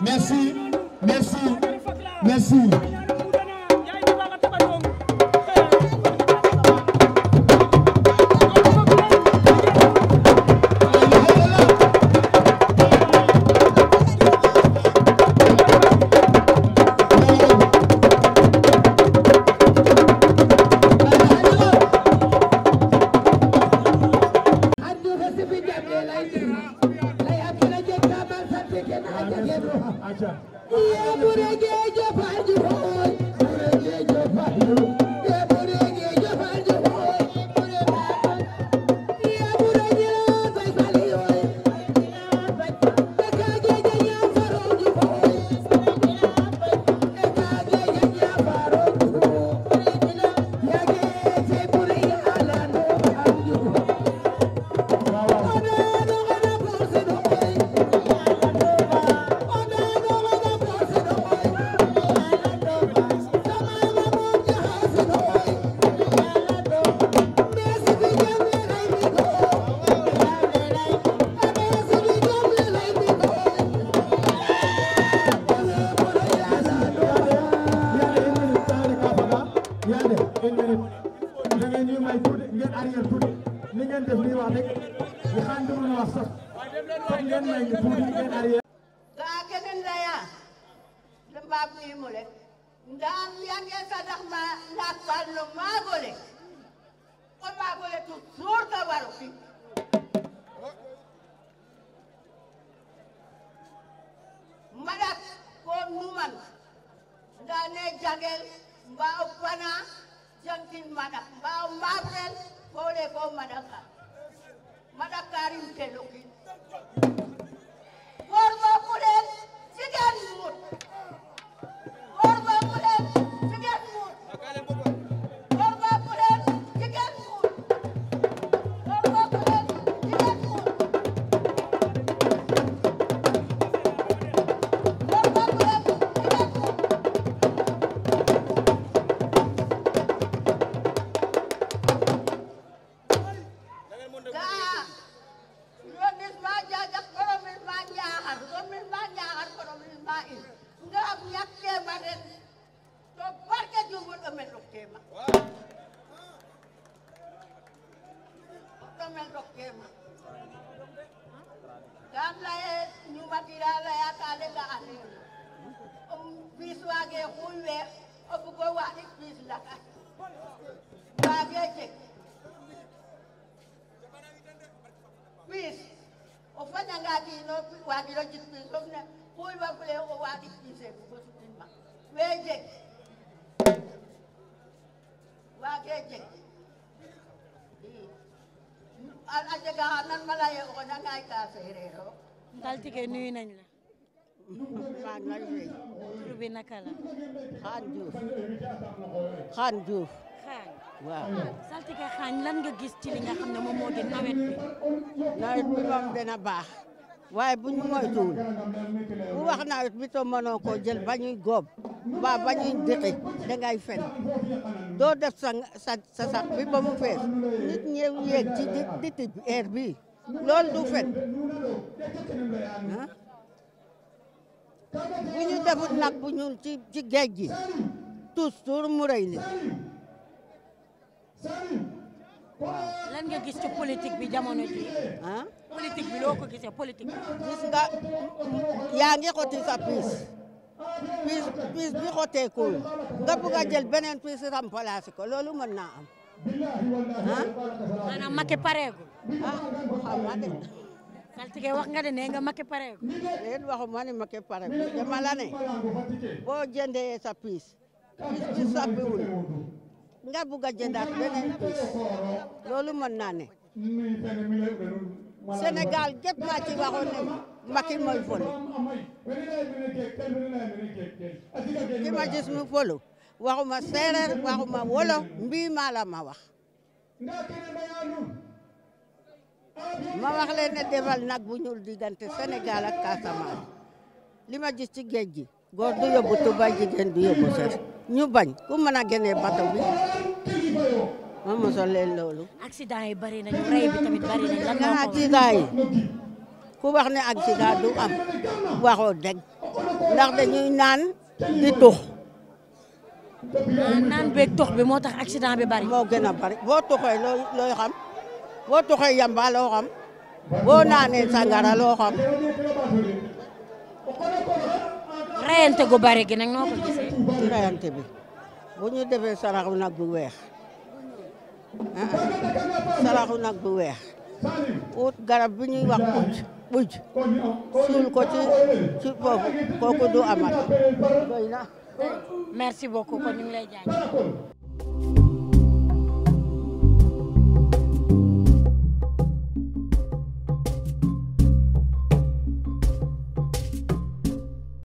merci merci merci ayca ni ngeen def nii wax dëgg yi xam dumun wax sax kon ngeen may ñu tuuti ngeen arrière gaa kenen leya de mbaab niimu le ndaam yange sadax ma ndaat kaan no maago le o maago le toujours ka waro fi madat ko numan ndaa ne jangel mbaa o pana jangtin madat mbaa o mbaaf rel fo le ko Madaka Madakari mteloki daa yoo mis baa jaajak koro mis baa jaaxar yoo mis baa jaaxar koro mis baa in nga am ñàkk teema ren to barke jumul o men dok teema o men dok teema kam laye ñumatira laya ka lega anin o bis waage xuy we o bugo waaɗik bis lakas waage jeg please ofanya ngati wakilo chipinzo mne huyu wakule wakipinze kukotutima weje wakeje ajega hanan malaye ona ngai ta ferero ngaltike nuyu nañ la maa ngi lay tur bi naka la xaan Diouf xaan waaw hmm. saltige xaañ lan nga gis ci li xam ne moom di nawet bi nawet bi moom dina baax waaye buñ moytuwul bu wax nawet bi to mënoo koo jël bañuy góob ba bañuy dëqi dangay fen doo def sa sa sa sax bi ba mu fees nit ñëw yéeg ci diti heure bi loolu du fen ah bu ñu defut nag bu ñun ci ci géej gi tous tour mu lan nga gis ci politique bi jamono ji ah politique bi loo ko gisee politique bi yaa ngi xoti sa piis piis piis bi xoteekul nga bëgg a jël beneen piis remplacer ko loolu mën naa am ah maanaam Macky pareegul ah xam nga de wax nga de ne nga Macky pareegul déet waxuma ne Macky pareegul dama la ne boo jëndee sa piis piis bi sàppiwul nga bugg a jëndaat loolu mën naa ne Sénégal gépp waxoon ne Macky mooy folu ki ma gis mu folu waxuma séeréer waxuma wolof mbii maa ma wax ma wax leen nag bu ñuul diggante Sénégal ak Casamance li ma gis ci géej gi góor du yóbbu tubaay jigéen du yóbbu sax ñu bañ ku mën a génnee bato bi ma mosal loolu. accident yi bari nañu rey bi tamit bari nañu lan moo accident yi ku wax ne accident du am waxoo naan di tux. naan beeg tux bi moo tax accident bi bari. moo gën a bari boo tuxee loo looy xam boo tuxee yamba loo xam boo naanee sangara loo xam. rayante gu bari gi nag noo rayante bi bu ñu defee saraxu nag bu weex ah, saraxu nag bu weex ut garab bi ñuy wax pucc pucc suul ko ci ci foofu kooku du amat doy na merci beaucoup kon ñu ngi lay